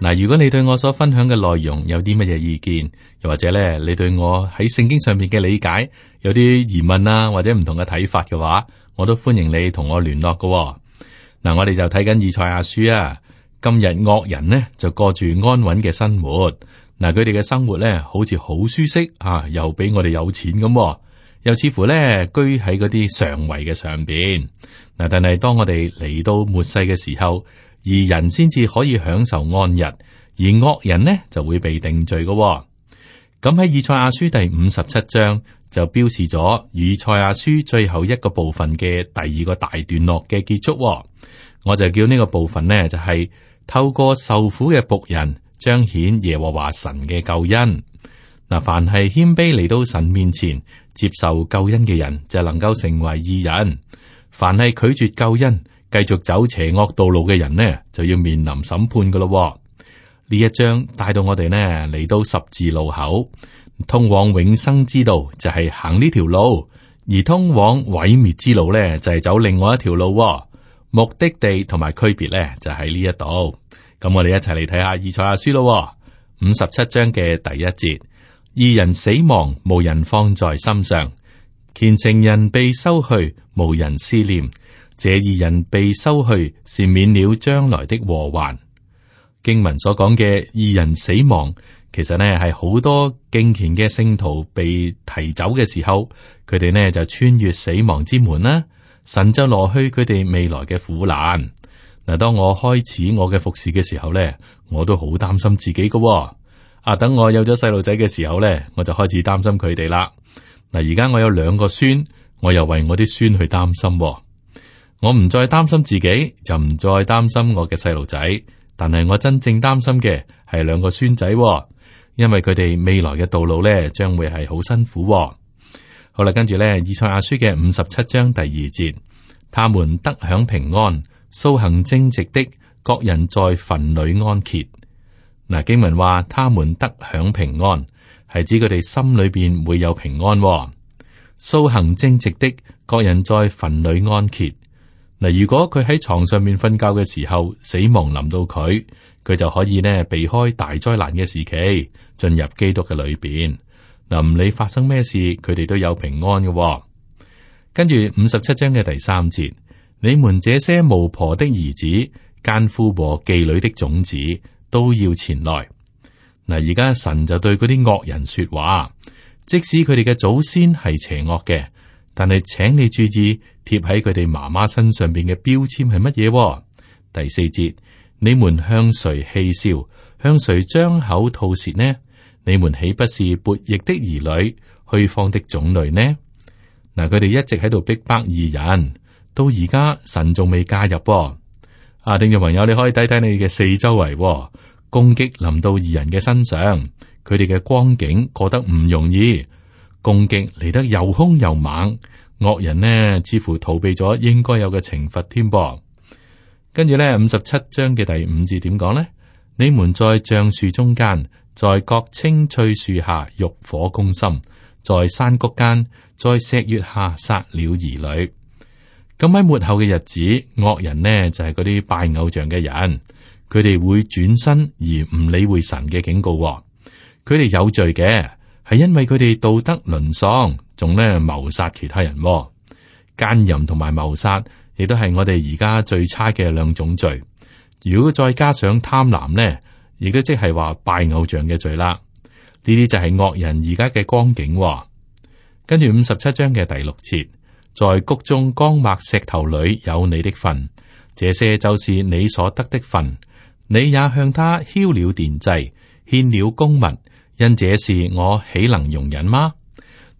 嗱，如果你對我所分享嘅內容有啲乜嘢意見，又或者咧，你對我喺聖經上面嘅理解有啲疑問啊，或者唔同嘅睇法嘅話，我都歡迎你同我聯絡噶、哦。嗱、嗯，我哋就睇緊以賽亞書啊，今日惡人呢就過住安穩嘅生活，嗱，佢哋嘅生活咧好似好舒適啊，又比我哋有錢咁、嗯，又似乎咧居喺嗰啲常圍嘅上邊。嗱、嗯，但係當我哋嚟到末世嘅時候。義人先至可以享受安逸，而惡人呢就會被定罪㗎、喎。咁喺以賽亞書第五十七章就標示咗以賽亞書最後一個部分嘅第二個大段落嘅結束、喎。我就叫呢個部分呢就係、是、透過受苦嘅僕人彰顯耶和華神嘅救恩。嗱，凡係謙卑嚟到神面前接受救恩嘅人就能夠成為義人；凡係拒絕救恩。繼續走邪惡道路嘅人呢，就要面臨審判噶咯。呢一章帶到我哋呢嚟,到十字路口，通往永生之道就係行呢條路，而通往毀滅之路呢就係走另外一條路。目的地同埋區別呢就喺呢一度。咁我哋一齊嚟睇下《以賽亞書》咯，五十七章嘅第一節：二人死亡，無人放在心上；虔誠人被收去，無人思念。這二人被收去，是免了將來的禍患。經文所講嘅二人死亡，其實呢係好多敬虔嘅聖徒被提走嘅時候，佢哋呢就穿越死亡之門啦。神就挪去佢哋未來嘅苦難嗱。當我開始我嘅服侍嘅時候呢，我都好擔心自己噶。啊，等我有咗細路仔嘅時候呢，我就開始擔心佢哋啦。嗱，而家我有兩個孫，我又為我啲孫去擔心哦。我唔再擔心自己，就唔再擔心我嘅細路仔。但係我真正擔心嘅係兩個孫仔，哦，因為佢哋未來嘅道路呢，將會係好辛苦，哦。好啦，跟住呢，以賽亞書嘅五十七章第二節，他們得享平安，素行正直的各人在墳裡安歇。嗱，經文話，他們得享平安，係指佢哋心裡邊會有平安，哦。素行正直的各人在墳裡安歇。嗱，如果佢喺床上面瞓覺嘅時候，死亡臨到佢，佢就可以呢避開大災難嘅時期，進入基督嘅裏邊。嗱，唔理發生咩事，佢哋都有平安嘅哦。跟住五十七章嘅第三節，你們這些巫婆的兒子、奸夫和妓女的種子，都要前來。嗱，而家神就對嗰啲惡人說話，即使佢哋嘅祖先係邪惡嘅。但係，請你注意貼喺佢哋媽媽身上邊嘅標籤係乜嘢？第四節，你們向誰戲笑？向誰張口吐舌呢？你們豈不是悖逆的兒女，虛謊的種類呢？嗱，佢哋一直喺度逼迫義人，到而家神仲未加入。啊，聽眾朋友，你可以睇睇你嘅四周圍，啊，攻擊臨到義人嘅身上，佢哋嘅光景過得唔容易。攻擊嚟得又兇又猛，惡人呢，似乎逃避咗應該有嘅懲罰添噃。跟住咧，五十七章嘅第五字點講咧？你們在橡樹中間，在各青翠樹下欲火攻心，在山谷間，在石月下殺了兒女。咁喺末後嘅日子，惡人呢就係嗰啲拜偶像嘅人，佢哋會轉身而唔理會神嘅警告，佢哋有罪嘅。係因為佢哋道德淪喪，仲咧謀殺其他人，奸淫同埋謀殺，亦都係我哋而家最差嘅兩種罪。如果再加上貪婪咧，亦都即係話拜偶像嘅罪啦。呢啲就係惡人而家嘅光景。跟住五十七章嘅第六節，在谷中光滑石頭裏有你的份，這些就是你所得的份。你也向他澆了奠祭，獻了供物。因這事我豈能容忍嗎？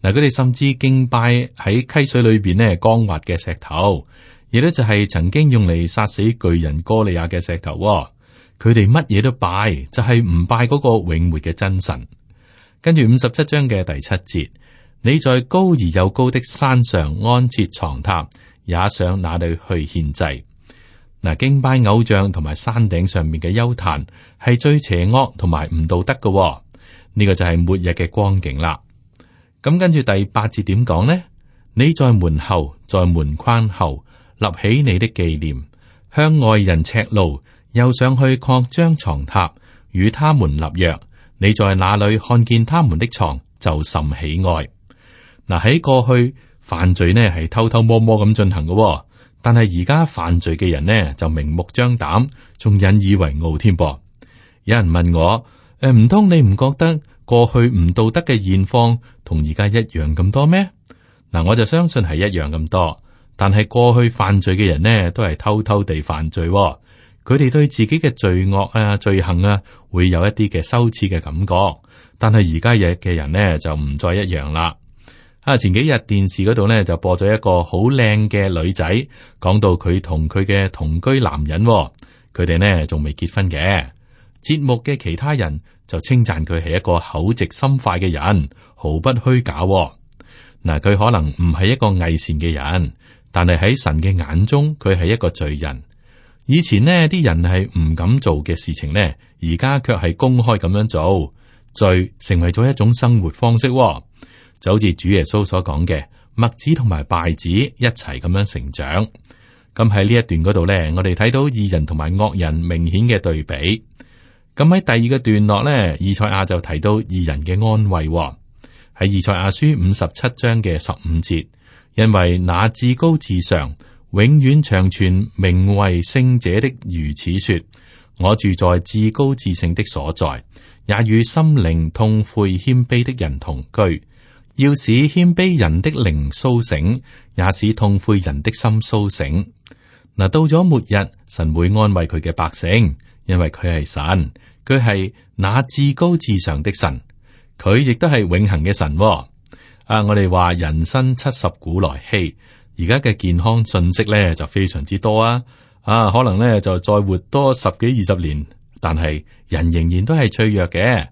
嗱，佢哋甚至敬拜喺溪水裏邊呢光滑嘅石頭，亦都就係曾經用嚟殺死巨人哥利亞嘅石頭。佢哋乜嘢都拜，就係、是、唔拜嗰個永活嘅真神。跟住五十七章嘅第七節，你在高而又高的山上安設床榻，也上那裏去獻祭？嗱，敬拜偶像同埋山頂上面嘅丘壇，係最邪惡同埋唔道德嘅。呢個就係末日嘅光景啦。咁跟住第八節點講呢？你在門後，在門框後立起你的紀念，向外人赤露，又上去擴張床榻，與他們立約。你在哪裏看見他們的床，就甚喜愛。嗱，喺過去犯罪呢係偷偷摸摸咁進行㗎，但係而家犯罪嘅人呢就明目張膽，仲引以為傲添噃。有人問我，誒唔通你唔覺得？過去唔道德嘅現況同而家一樣咁多咩？嗱，我就相信係一樣咁多。但係過去犯罪嘅人呢，都係偷偷地犯罪喎，佢哋對自己嘅罪惡啊、罪行啊，會有一啲嘅羞恥嘅感覺。但係而家嘢嘅人呢，就唔再一樣啦。啊，前幾日電視嗰度呢，就播咗一個好靚嘅女仔，講到佢同佢嘅同居男人喎，佢哋呢，仲未結婚嘅。節目嘅其他人就稱讚佢係一個口直心快嘅人，毫不虛假，哦。嗱、呃，佢可能唔係一個偽善嘅人，但係喺神嘅眼中佢係一個罪人。以前呢啲人係唔敢做嘅事情呢，而家卻係公開咁樣做，罪成為咗一種生活方式，哦。就好似主耶穌所講嘅麥子同埋稗子一齊咁樣成長。咁喺呢一段嗰度呢，我哋睇到義人同埋惡人明顯嘅對比。咁喺第二個段落呢，以賽亞就提到義人嘅安慰，哦，喺以賽亞書五十七章嘅十五節，因為那至高至上、永遠長存、名為聖者的如此說：我住在至高至聖的所在，也與心靈痛悔謙卑的人同居，要使謙卑人的靈蘇醒，也使痛悔人的心蘇醒。嗱，到咗末日，神會安慰佢嘅百姓。因為佢係神，佢係那至高至上的神，佢亦都係永恆嘅神喎。啊，我哋話人生七十古來稀，而家嘅健康信息咧就非常之多啊。啊，可能咧就再活多十幾二十年，但係人仍然都係脆弱嘅。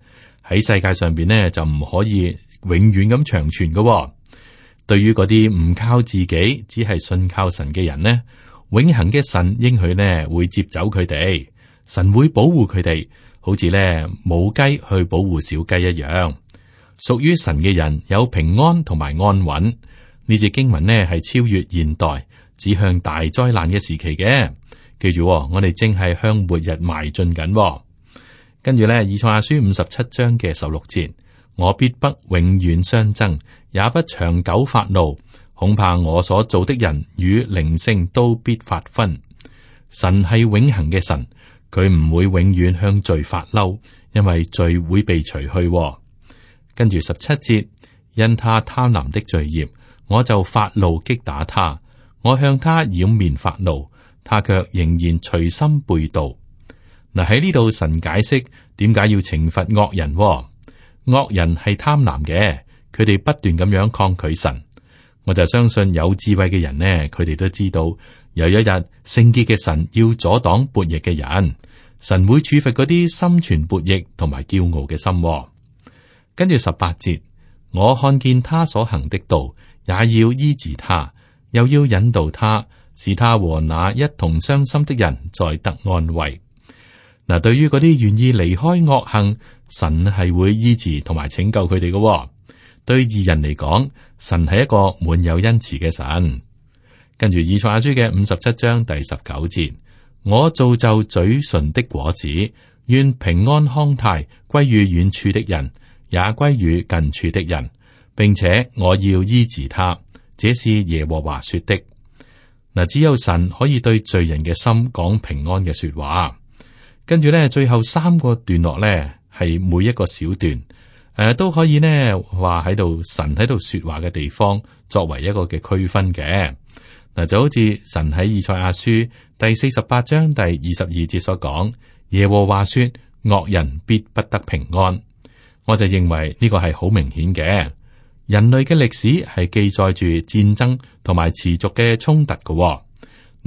喺世界上邊呢，就唔可以永遠咁長存㗎喎。對於嗰啲唔靠自己，只係信靠神嘅人呢，永恆嘅神應許呢，會接走佢哋。神會保護佢哋，好似咧母雞去保護小雞一樣。屬於神嘅人有平安同埋安穩。呢節經文呢係超越現代，指向大災難嘅時期嘅。記住，我哋正係向末日邁進緊。跟住咧，以賽亞書五十七章嘅十六節：我必不永遠相爭，也不長久發怒。恐怕我所做的人與靈性都必發分。神係永恒嘅神。佢唔會永遠向罪發嬲，因為罪會被除去喎。跟住十七節，因他貪婪的罪孽，我就發怒擊打他，我向他掩面發怒，他却仍然隨心背道。嗱，喺呢度，神解釋點解要懲罰惡人哦？惡人係貪婪嘅，佢哋不斷咁樣抗拒神。我就相信有智慧嘅人呢，佢哋都知道。有一日，聖潔嘅神要阻擋叛逆嘅人，神會處罰嗰啲心存叛逆同埋驕傲嘅心。跟住十八節，我看見他所行的道，也要醫治他，又要引導他，使他和那一同傷心的人再得安慰。嗱，對於嗰啲願意離開惡行，神係會醫治同埋拯救佢哋嘅。對二人嚟講，神係一個滿有恩慈嘅神。跟住以賽亞書嘅五十七章第十九節，我造就嘴唇的果子，願平安康泰歸於遠處的人，也歸於近處的人，並且我要醫治他，這是耶和華說的。嗱，只有神可以對罪人嘅心講平安嘅說話。跟住呢，最後三個段落呢，係每一個小段，誒、呃、都可以呢話喺度神喺度說話嘅地方，作為一個嘅區分嘅。嗱，就好似神喺以賽亞書第四十八章第二十二節所講，耶和華說：惡人必不得平安。我就認為呢個係好明顯嘅。人類嘅歷史係記載住戰爭同埋持續嘅衝突嘅嗱、哦、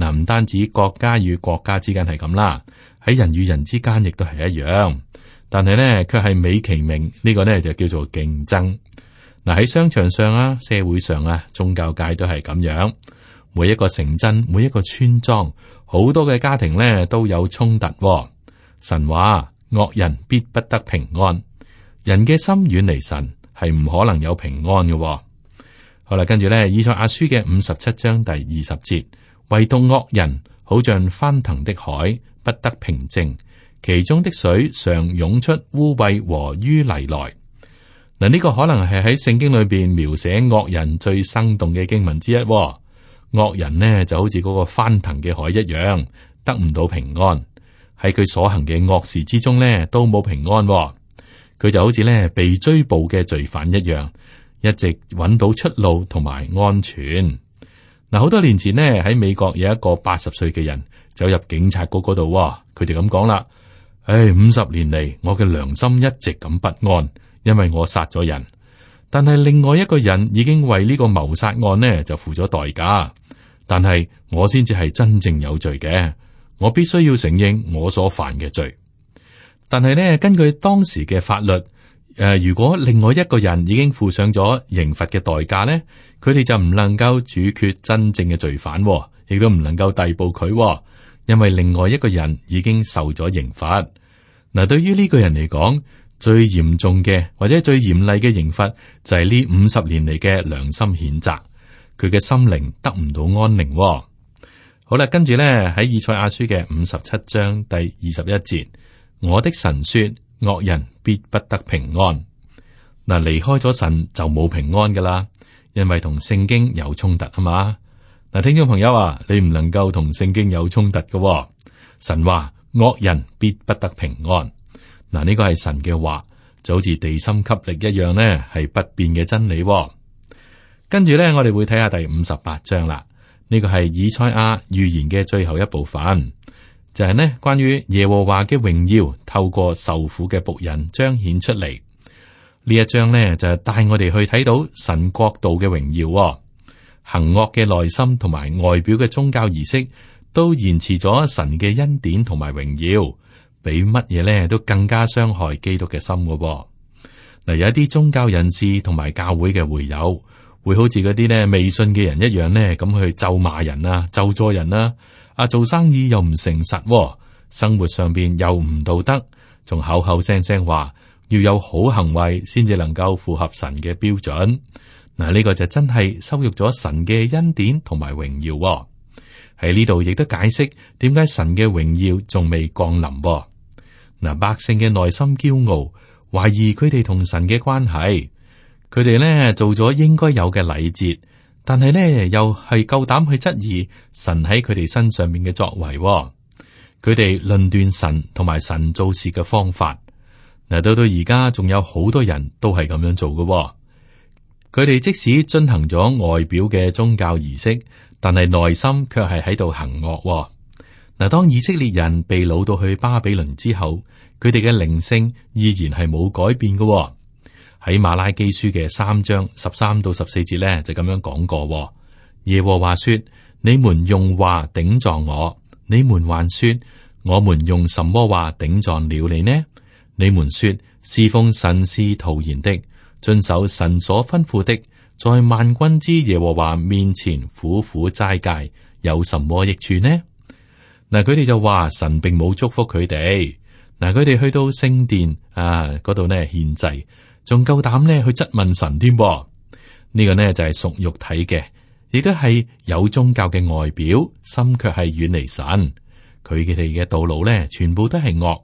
唔、啊、單止國家與國家之間係咁啦，喺人與人之間亦都係一樣。但係呢，卻係美其名呢、呢個呢就叫做競爭嗱。喺、啊、商場上啊，社會上啊，宗教界都係咁樣。每一個城鎮，每一個村莊，好多嘅家庭咧都有衝突、哦。神話惡人必不得平安，人嘅心遠離神係唔可能有平安嘅、哦。好啦，跟住呢，以賽亞書嘅五十七章第二十節，惟獨惡人，好像翻騰的海，不得平靜，其中的水常湧出污穢和淤泥來。嗱，呢個可能係喺聖經裏邊描寫惡人最生動嘅經文之一、哦。惡人呢就好似嗰個翻騰嘅海一樣，得唔到平安。喺佢所行嘅惡事之中呢，都冇平安哦。佢就好似呢被追捕嘅罪犯一樣，一直揾到出路同埋安全。嗱，好多年前呢，喺美國有一個八十歲嘅人走入警察局嗰度，佢就咁講啦：唉，五十年嚟我嘅良心一直咁不安，因為我殺咗人。但係另外一個人已經為呢個謀殺案呢，就付咗代價。但係我先至係真正有罪嘅，我必須要承認我所犯嘅罪。但係呢，根據當時嘅法律，誒、呃，如果另外一個人已經付上咗刑罰嘅代價呢，佢哋就唔能夠處決真正嘅罪犯，哦，亦都唔能夠逮捕佢，哦，因為另外一個人已經受咗刑罰。嗱，呃，對於呢個人嚟講，最嚴重嘅或者最嚴厲嘅刑罰就係呢五十年嚟嘅良心譴責。佢嘅心靈得唔到安寧、哦。好啦，跟住咧，喺以賽亞書嘅五十七章第二十一節，我的神說惡人必不得平安。嗱，離開咗神就冇平安噶啦，因為同聖經有衝突啊嘛。嗱，聽眾朋友話，你唔能夠同聖經有衝突嘅、哦。神話惡人必不得平安。嗱，呢個係神嘅話，就好似地心吸力一樣呢，係不變嘅真理、哦。跟住咧，我哋會睇下第五十八章啦。呢、呢個係以賽亞預言嘅最後一部分，就係、是、呢關於耶和華嘅榮耀透過受苦嘅僕人彰顯出嚟，呢一章呢，就帶我哋去睇到神國度嘅榮耀、哦。行惡嘅內心同埋外表嘅宗教儀式都延遲咗神嘅恩典同埋榮耀，比乜嘢呢？都更加傷害基督嘅心的、哦。噶嗱，有一啲宗教人士同埋教會嘅會友。會好似嗰啲咧未信嘅人一樣呢，咁去咒罵人啊，咒詛人啦，啊，做生意又唔誠實、哦，生活上邊又唔道德，仲口口聲聲話要有好行為先至能夠符合神嘅標準。嗱，呢個就真係羞辱咗神嘅恩典同埋榮耀、哦。喺呢度亦都解釋點解神嘅榮耀仲未降臨。嗱，百姓嘅內心驕傲，懷疑佢哋同神嘅關係。佢哋咧做咗應該有嘅禮節，但係咧又係夠膽去質疑神喺佢哋身上面嘅作為、哦。佢哋論斷神同埋神做事嘅方法。嗱，到到而家仲有好多人都係咁樣做嘅、哦。佢哋即使進行咗外表嘅宗教儀式，但係內心卻係喺度行惡、哦。嗱，當以色列人被擄到去巴比倫之後，佢哋嘅靈性依然係冇改變嘅、哦。喺馬拉基書嘅三章十三到十四節咧，就咁樣講過。耶和華說：你們用話頂撞我，你們還說我們用什麼話頂撞了你呢？你們說侍奉神是徒然的，遵守神所吩咐的，在萬軍之耶和華面前苦苦齋戒，有什麼益處呢？嗱，佢哋就話神並冇祝福佢哋。嗱，佢哋去到聖殿啊嗰度呢獻祭。仲夠膽呢？去質問神添喎，呢、這個呢就係、是、屬肉體嘅，亦都係有宗教嘅外表，心卻係遠離神。佢佢哋嘅道路呢，全部都係惡。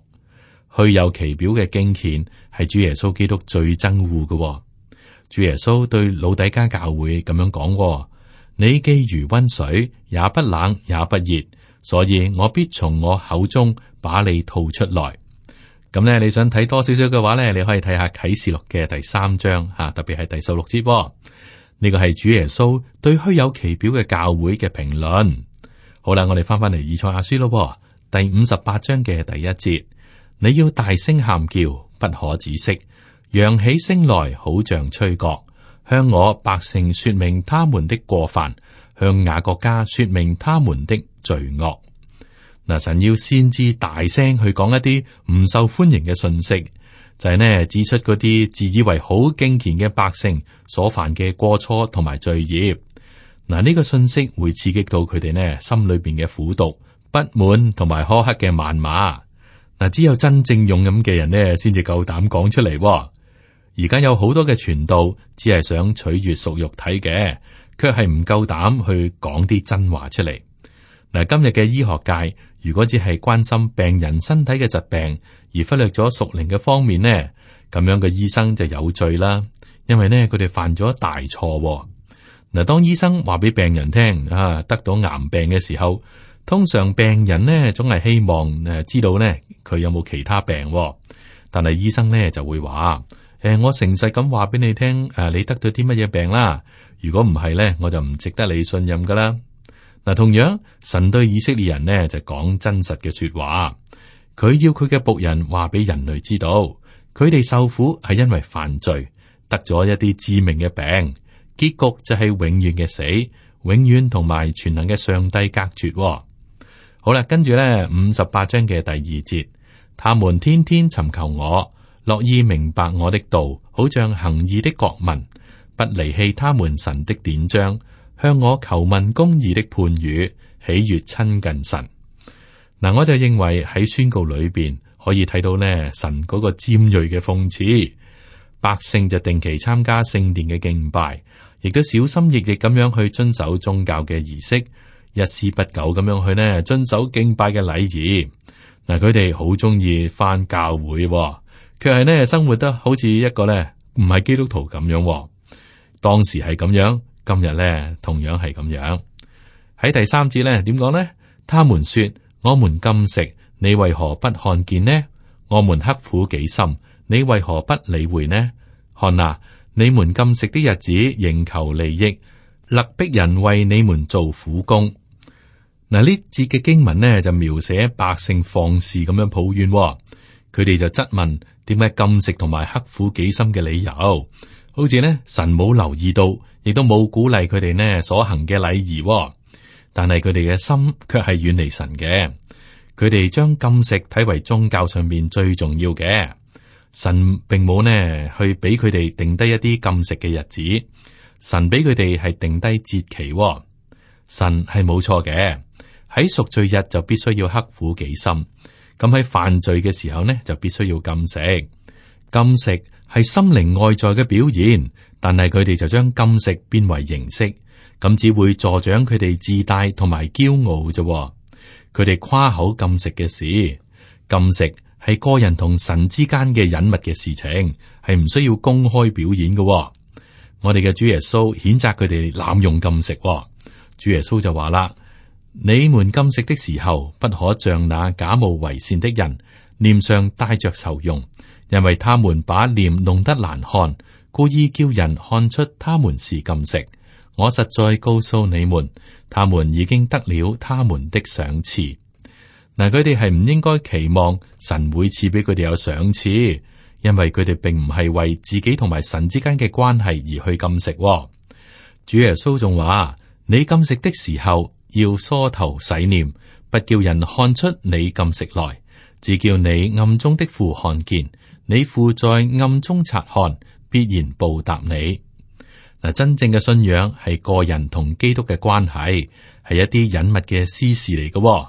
虛有其表嘅敬虔，係主耶穌基督最憎惡嘅。主耶穌對老底嘉教會咁樣講喎：你既如温水，也不冷也不熱，所以我必從我口中把你吐出來。咁呢，你想睇多少少嘅話呢？你可以睇下啟示錄嘅第三章吓，特別係第十六節噃。呢個係主耶穌對虛有其表嘅教會嘅評論。好啦，我哋翻翻嚟以賽亞書咯，第五十八章嘅第一節，你要大聲喊叫，不可止息，揚起聲來，好像吹角，向我百姓說明他們的過犯，向雅各家說明他們的罪惡。嗱，神要先知大聲去講一啲唔受歡迎嘅信息，就係呢，指出嗰啲自以為好敬虔嘅百姓所犯嘅過錯同埋罪孽。嗱，呢個信息會刺激到佢哋呢，心裏邊嘅苦毒、不滿同埋苛刻嘅謾罵。嗱，只有真正勇敢嘅人呢，先至夠膽講出嚟。而家有好多嘅傳道，只係想取悅屬肉體嘅，卻係唔夠膽去講啲真話出嚟。嗱，今日嘅醫學界。如果只係關心病人身體嘅疾病，而忽略咗屬靈嘅方面呢，咁樣嘅醫生就有罪啦，因為呢佢哋犯咗大錯。嗱，當醫生話俾病人聽啊，得到癌病嘅時候，通常病人呢總係希望誒知道呢佢有冇其他病，但係醫生呢就會話：誒，我誠實咁話俾你聽，誒，你得到啲乜嘢病啦。如果唔係呢，我就唔值得你信任噶啦。嗱，同樣，神對以色列人呢就講真實嘅說話，佢要佢嘅僕人話俾人類知道，佢哋受苦係因為犯罪，得咗一啲致命嘅病，結局就係永遠嘅死，永遠同埋全能嘅上帝隔絕喎。好啦，跟住呢五十八章嘅第二節，他們天天尋求我，樂意明白我的道，好像行義的國民，不離棄他們神的典章。向我求問公義的判語，喜悦親近神。嗱、啊，我就認為喺宣告裏邊可以睇到呢神嗰個尖銳嘅諷刺。百姓就定期參加聖殿嘅敬拜，亦都小心翼翼咁樣去遵守宗教嘅儀式，一絲不苟咁樣去呢遵守敬拜嘅禮儀。嗱、啊，佢哋好中意返教會、哦，卻係呢生活得好似一個呢唔係基督徒咁樣、哦。當時係咁樣。今日咧，同樣係咁樣喺第三節咧，點講呢？他們說：我們禁食，你為何不看見呢？我們刻苦己心，你為何不理會呢？看啊，你們禁食的日子，仍求利益，勒逼人為你們做苦工。嗱，呢節嘅經文呢，就描寫百姓放肆咁樣抱怨、哦，佢哋就質問點解禁食同埋刻苦己心嘅理由。好似呢，神冇留意到，亦都冇鼓勵佢哋呢所行嘅禮儀。但係佢哋嘅心卻係遠離神嘅。佢哋將禁食睇為宗教上面最重要嘅。神並冇呢去俾佢哋定低一啲禁食嘅日子。神俾佢哋係定低節期。神係冇錯嘅。喺贖罪日就必須要刻苦己心。咁喺犯罪嘅時候呢，就必須要禁食。禁食係心靈外在嘅表現，但係佢哋就將禁食變為形式，咁只會助長佢哋自大同埋驕傲啫。佢哋誇口禁食嘅事，禁食係個人同神之間嘅隱密嘅事情，係唔需要公開表演嘅。我哋嘅主耶穌譴責佢哋濫用禁食。主耶穌就話啦：你們禁食的時候，不可像那假冒為善的人，臉上帶着愁容。因為他們把臉弄得難看，故意叫人看出他們是禁食。我實在告訴你們，他們已經得了他們的賞賜。嗱，佢哋係唔應該期望神每次俾佢哋有賞賜，因為佢哋並唔係為自己同埋神之間嘅關係而去禁食。主耶穌仲話：你禁食的時候要梳頭洗臉，不叫人看出你禁食來，只叫你暗中的父看見。你父在暗中察看，必然報答你。嗱，真正嘅信仰係個人同基督嘅關係，係一啲隱密嘅私事嚟嘅、哦。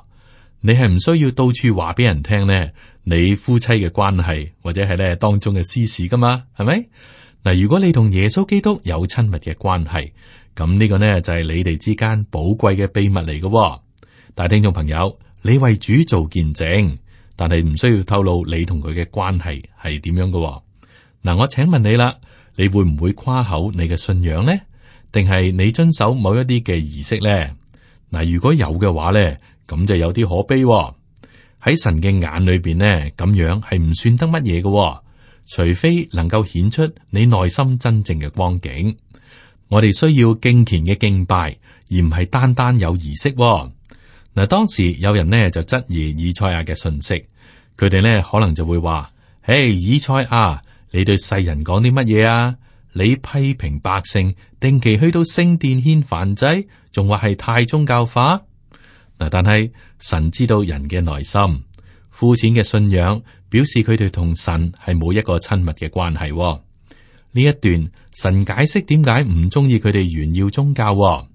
你係唔需要到處話俾人聽咧，你夫妻嘅關係或者係咧當中嘅私事噶嘛？係咪嗱？如果你同耶穌基督有親密嘅關係，咁呢個咧就係、是、你哋之間寶貴嘅秘密嚟嘅、哦。大聽眾朋友，你為主做見證。但係唔需要透露你同佢嘅關係係點樣嘅。嗱，我請問你啦，你會唔會誇口你嘅信仰呢？定係你遵守某一啲嘅儀式呢？嗱，如果有嘅話咧，咁就有啲可悲喎、哦。喺神嘅眼裏邊呢，咁樣係唔算得乜嘢嘅，除非能夠顯出你內心真正嘅光景。我哋需要敬虔嘅敬拜，而唔係單單有儀式喎。嗱，當時有人呢，就質疑以賽亞嘅信息，佢哋呢，可能就會話：誒，hey, 以賽亞，你對世人講啲乜嘢啊？你批評百姓，定期去到聖殿獻燔祭，仲話係太宗教化。嗱，但係神知道人嘅內心，膚淺嘅信仰表示佢哋同神係冇一個親密嘅關係。呢一段神解釋點解唔中意佢哋炫耀宗教。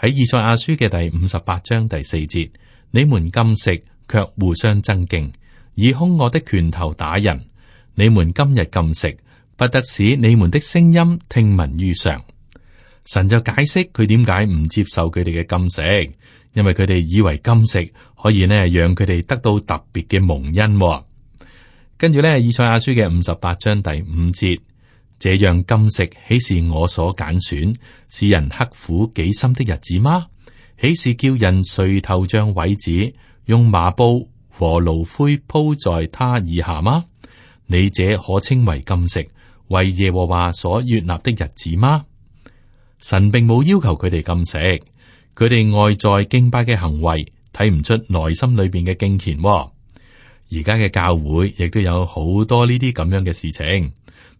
喺以賽亞書嘅第五十八章第四節，你們禁食卻互相爭競，以凶惡的拳頭打人。你們今日禁食，不得使你們的聲音聽聞於上。神就解釋佢點解唔接受佢哋嘅禁食，因為佢哋以為禁食可以咧讓佢哋得到特別嘅蒙恩。跟住呢，以賽亞書嘅五十八章第五節。這樣禁食豈是我所揀選、使人刻苦己心的日子嗎？豈是叫人垂頭像葦子，用麻布和爐灰鋪在他以下嗎？你這可稱為禁食，為耶和華所悅納的日子嗎？神並冇要求佢哋禁食，佢哋外在敬拜嘅行為睇唔出內心裏邊嘅敬虔、哦。而家嘅教會亦都有好多呢啲咁樣嘅事情。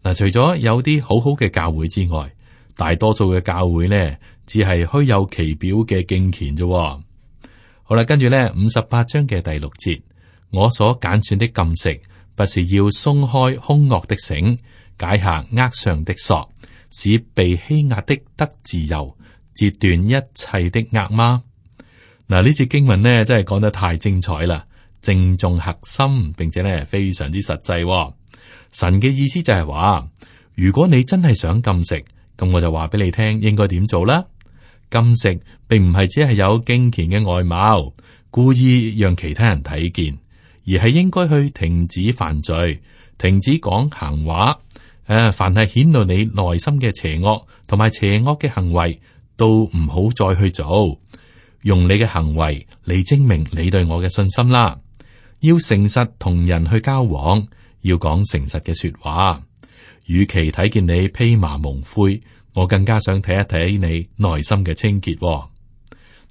嗱，除咗有啲好好嘅教會之外，大多數嘅教會呢，只係虛有其表嘅敬虔啫。好啦，跟住呢五十八章嘅第六節，我所揀選的禁食，不是要鬆開凶惡的繩，解下軛上的索，使被欺壓的得自由，截斷一切的軛嗎？嗱，呢次經文呢，真係講得太精彩啦，正中核心，並且呢，非常之實際喎。神嘅意思就係、是、話，如果你真係想禁食，咁我就話俾你聽，應該點做啦？禁食並唔係只係有敬虔嘅外貌，故意讓其他人睇見，而係應該去停止犯罪，停止講閒話。誒、呃，凡係顯露你內心嘅邪惡同埋邪惡嘅行為，都唔好再去做。用你嘅行為嚟證明你對我嘅信心啦。要誠實同人去交往。要講誠實嘅說話，與其睇見你披麻蒙灰，我更加想睇一睇你內心嘅清潔。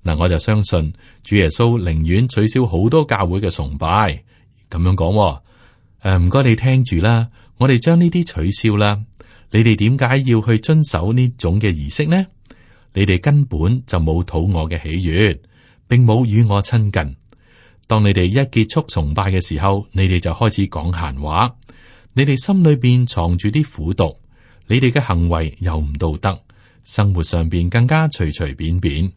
嗱，我就相信主耶穌寧願取消好多教會嘅崇拜，咁樣講。誒、啊，唔該你聽住啦，我哋將呢啲取消啦。你哋點解要去遵守呢種嘅儀式呢？你哋根本就冇討我嘅喜悅，並冇與我親近。當你哋一結束崇拜嘅時候，你哋就開始講閒話，你哋心裏邊藏住啲苦毒，你哋嘅行為又唔道德，生活上邊更加隨隨便便。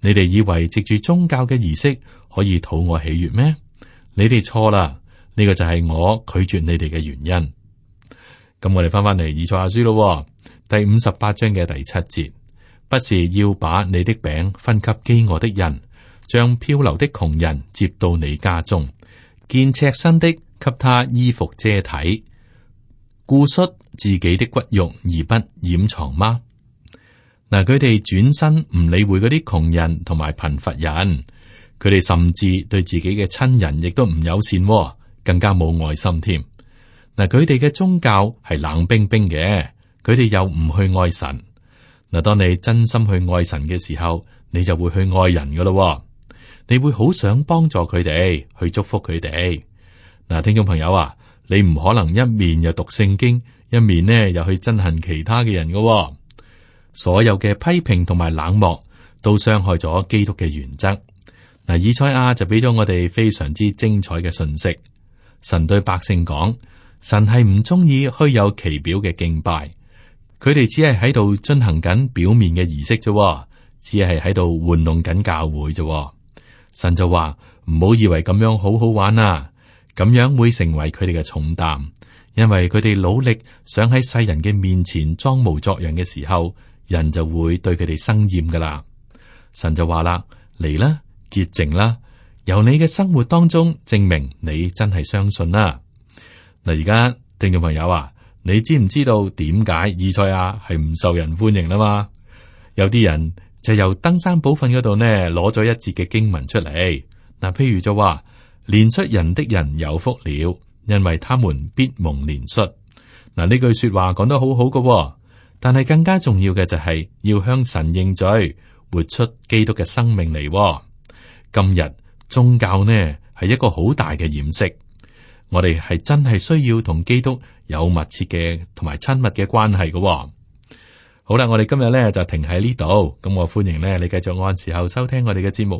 你哋以為藉住宗教嘅儀式可以討我喜悦咩？你哋錯啦，呢個就係我拒絕你哋嘅原因。咁、嗯、我哋翻翻嚟《以賽亞書》咯，第五十八章嘅第七節，不是要把你的餅分給飢餓的人。將漂流的窮人接到你家中，見赤身的，給他衣服遮體，顧恤自己的骨肉而不掩藏嗎？嗱，佢哋轉身唔理會嗰啲窮人同埋貧乏人，佢哋甚至對自己嘅親人亦都唔友善，更加冇愛心添。嗱，佢哋嘅宗教係冷冰冰嘅，佢哋又唔去愛神。嗱，當你真心去愛神嘅時候，你就會去愛人㗎喇。你會好想幫助佢哋去祝福佢哋嗱，聽眾朋友啊，你唔可能一面又讀聖經，一面呢又去憎恨其他嘅人噶喎。所有嘅批評同埋冷漠都傷害咗基督嘅原則嗱。以賽亞就俾咗我哋非常之精彩嘅訊息。神對百姓講，神係唔中意虛有其表嘅敬拜，佢哋只係喺度進行緊表面嘅儀式啫，只係喺度玩弄緊教會啫。神就話：唔好以為咁樣好好玩啊，咁樣會成為佢哋嘅重擔，因為佢哋努力想喺世人嘅面前裝模作樣嘅時候，人就會對佢哋生厭噶啦。神就話啦：嚟啦，潔淨啦，由你嘅生活當中證明你真係相信啦。嗱，而家聽眾朋友啊，你知唔知道點解以賽亞係唔受人歡迎啊嘛？，有啲人。就由登山寶訓嗰度呢，攞咗一節嘅經文出嚟。嗱，譬如就話，憐恤人的人有福了，因為他們必蒙憐恤。嗱，呢句話說話講得好好嘅，但係更加重要嘅就係要向神認罪，活出基督嘅生命嚟。今日宗教呢係一個好大嘅掩飾，我哋係真係需要同基督有密切嘅同埋親密嘅關係嘅。好啦，我哋今日咧就停喺呢度。咁我歡迎咧你繼續按時候收聽我哋嘅節目。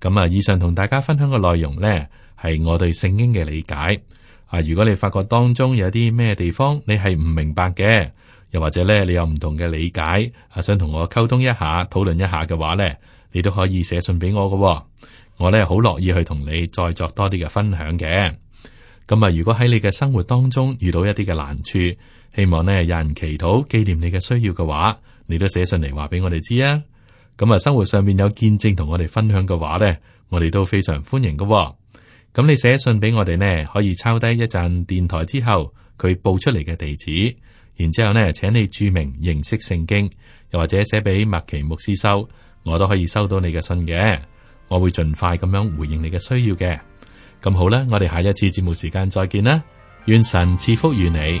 咁啊，以上同大家分享嘅內容呢，係我對聖經嘅理解。啊，如果你發覺當中有啲咩地方你係唔明白嘅，又或者咧你有唔同嘅理解，啊，想同我溝通一下，討論一下嘅話呢，你都可以寫信俾我噶喎。我咧好樂意去同你再作多啲嘅分享嘅。咁啊，如果喺你嘅生活當中遇到一啲嘅難處，希望咧有人祈禱紀念你嘅需要嘅話，你都寫信嚟話俾我哋知啊。咁啊，生活上面有見證同我哋分享嘅話咧，我哋都非常歡迎噶。咁你寫信俾我哋呢，可以抄低一陣電台之後佢報出嚟嘅地址，然之後咧，請你注明認識聖經，又或者寫俾麥奇牧師收，我都可以收到你嘅信嘅。我會盡快咁樣回應你嘅需要嘅。咁好啦，我哋下一次節目時間再見啦。願神賜福於你。